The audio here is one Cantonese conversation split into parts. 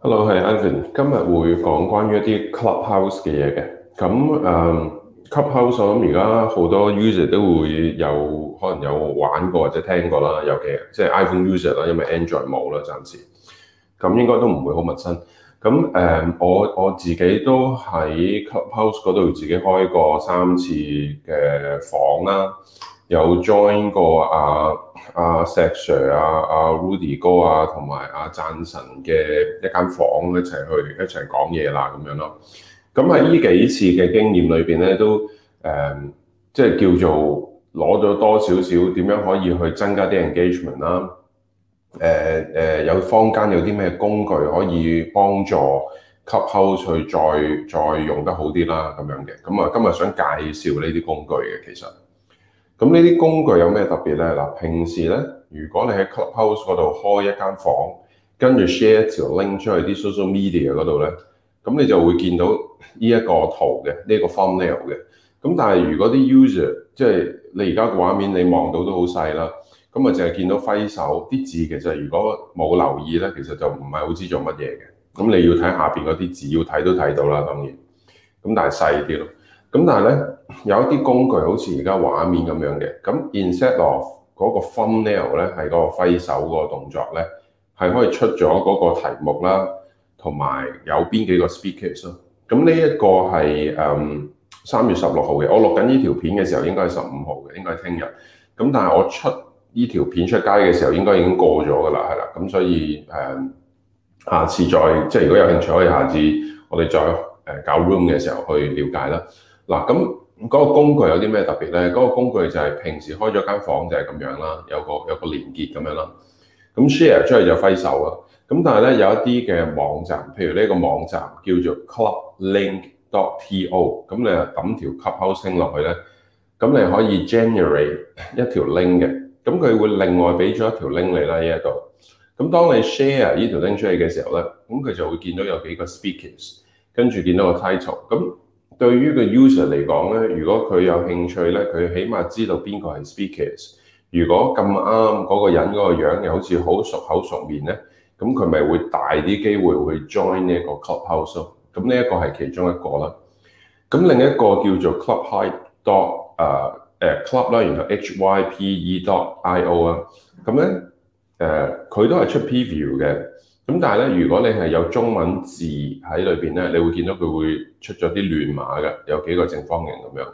Hello，係 Anthony 今日會講關於一啲 Clubhouse 嘅嘢嘅。咁誒、um，Clubhouse 我諗而家好多 user 都會有可能有玩過或者聽過啦，尤其係即係、就是、iPhone user 啦，因為 Android 冇啦暫時。咁應該都唔會好陌生。咁誒，um, 我我自己都喺 Clubhouse 嗰度自己開過三次嘅房啦，有 join 過啊。阿、啊、石 Sir 啊、阿 Rudy 哥啊，同埋阿讚神嘅一間房間，一齊去，一齊講嘢啦咁樣咯。咁喺呢幾次嘅經驗裏邊咧，都誒即係叫做攞咗多少少，點樣可以去增加啲 engagement 啦、啊。誒、呃、誒、呃，有坊間有啲咩工具可以幫助 Clubhouse 去再再用得好啲啦咁樣嘅。咁啊，今日想介紹呢啲工具嘅，其實。咁呢啲工具有咩特別咧？嗱，平時咧，如果你喺 Clubhouse 嗰度開一間房間，跟住 share 一條 link 出去啲 social media 嗰度咧，咁你就會見到呢一個圖嘅呢一個 thumbnail 嘅。咁但係如果啲 user 即係你而家個畫面你望到都好細啦，咁啊淨係見到揮手啲字，其實如果冇留意咧，其實就唔係好知做乜嘢嘅。咁你要睇下邊嗰啲字，要睇都睇到啦，當然，咁但係細啲咯。咁但係咧，有一啲工具好似而家畫面咁樣嘅，咁 insert 嗰個 thumbnail 咧係嗰個揮手嗰個動作咧，係可以出咗嗰個題目啦，同埋有邊幾個 speakers 咯。咁呢一個係誒三月十六號嘅，我錄緊呢條片嘅時候應該係十五號嘅，應該係聽日。咁但係我出呢條片出街嘅時候，應該已經過咗㗎啦，係啦。咁所以誒、嗯，下次再即係如果有興趣，可以下次我哋再誒搞 room 嘅時候去了解啦。嗱咁嗰個工具有啲咩特別咧？嗰、那個工具就係平時開咗間房就係咁樣啦，有個有個連結咁樣啦。咁 share 出去就揮手啦。咁但係咧，有一啲嘅網站，譬如呢個網站叫做 ClubLink.to，咁你抌條 Clubhouse 落去咧，咁你可以 generate 一條 link 嘅。咁佢會另外俾咗一條 link 你啦呢度。咁、這個、當你 share 呢條 link 出去嘅時候咧，咁佢就會見到有幾個 speakers，跟住見到個 title 咁。對於個 user 嚟講咧，如果佢有興趣咧，佢起碼知道邊個係 speakers。如果咁啱嗰個人嗰個樣又好似好熟口熟面咧，咁佢咪會大啲機會去 join 呢一個 club house 咯。咁呢一個係其中一個啦。咁另一個叫做 club hyp dot 啊誒 club 啦，然後 h y p e dot i o 啊。咁咧誒，佢都係出 P V 嘅。咁但係咧，如果你係有中文字喺裏邊咧，你會見到佢會出咗啲亂碼嘅，有幾個正方形咁樣。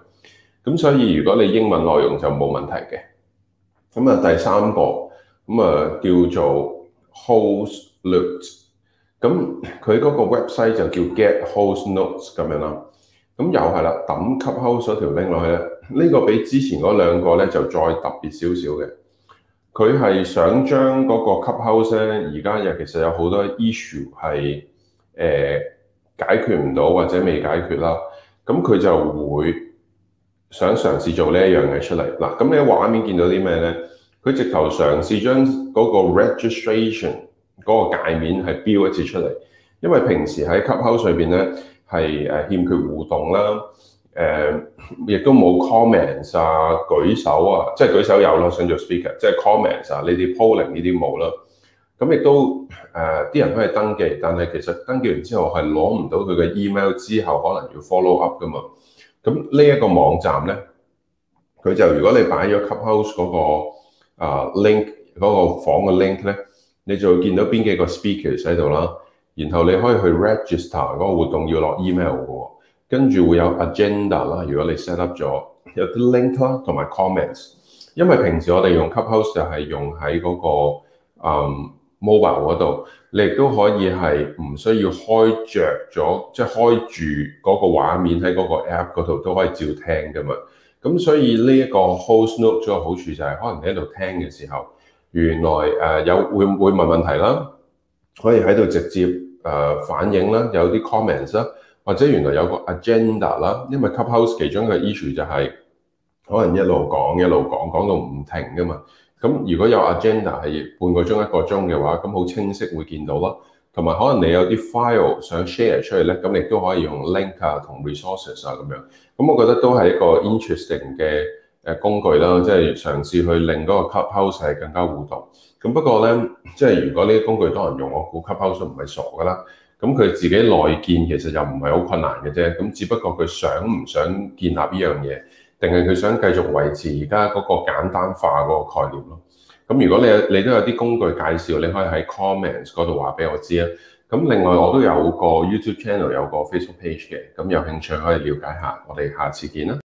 咁所以如果你英文內容就冇問題嘅。咁啊第三個咁啊叫做 h o s e note，s 咁佢嗰個 website 就叫 get h o s e notes 咁樣啦。咁又係啦，等級 h o u s e 嗰條拎落去啦。呢、這個比之前嗰兩個咧就再特別少少嘅。佢係想將嗰個 cuphouse 咧而家又其實有好多 issue 係誒、呃、解決唔到或者未解決啦。咁佢就會想嘗試做呢一樣嘢出嚟。嗱，咁你喺畫面見到啲咩咧？佢直頭嘗試將嗰個 registration 嗰個界面係標一次出嚟，因為平時喺 cuphouse 上面咧係誒欠缺互動啦。誒，亦都冇 comments 啊，舉手啊，即係舉手有咯，想做 speaker，即係 comments 啊，你哋 polling 呢啲冇啦。咁亦都誒，啲、呃、人都係登記，但係其實登記完之後係攞唔到佢嘅 email 之後，可能要 follow up 噶嘛。咁呢一個網站咧，佢就如果你擺咗 clubhouse 嗰個啊 link 嗰個房嘅 link 咧，你就會見到邊幾個 speakers 喺度啦。然後你可以去 register 嗰個活動要落 email 嘅喎。跟住會有 agenda 啦，如果你 set up 咗有啲 link 啦，同埋 comments。因為平時我哋用 cup house 就係用喺嗰個 um, mobile 嗰度，你亦都可以係唔需要開着咗，即係開住嗰個畫面喺嗰個 app 嗰度都可以照聽噶嘛。咁所以呢一個 host note 最有好處就係，可能你喺度聽嘅時候，原來誒有會唔會問問題啦，可以喺度直接誒反映啦，有啲 comments 啦。或者原來有個 agenda 啦，因為 cuphouse 其中一個 issue 就係可能一路講一路講講到唔停噶嘛。咁如果有 agenda 係半個鐘一個鐘嘅話，咁好清晰會見到咯。同埋可能你有啲 file 想 share 出去咧，咁你都可以用 link 啊、同 resources 啊咁樣。咁我覺得都係一個 interesting 嘅誒工具啦。即係嘗試去令嗰個 cuphouse 係更加互動。咁不過咧，即係如果呢啲工具多人用，我估 cuphouse 唔係傻噶啦。咁佢自己內建其實就唔係好困難嘅啫，咁只不過佢想唔想建立呢樣嘢，定係佢想繼續維持而家嗰個簡單化嗰個概念咯？咁如果你你都有啲工具介紹，你可以喺 comments 嗰度話俾我知啊。咁另外我都有個 YouTube channel，有個 Facebook page 嘅，咁有興趣可以了解下。我哋下次見啦。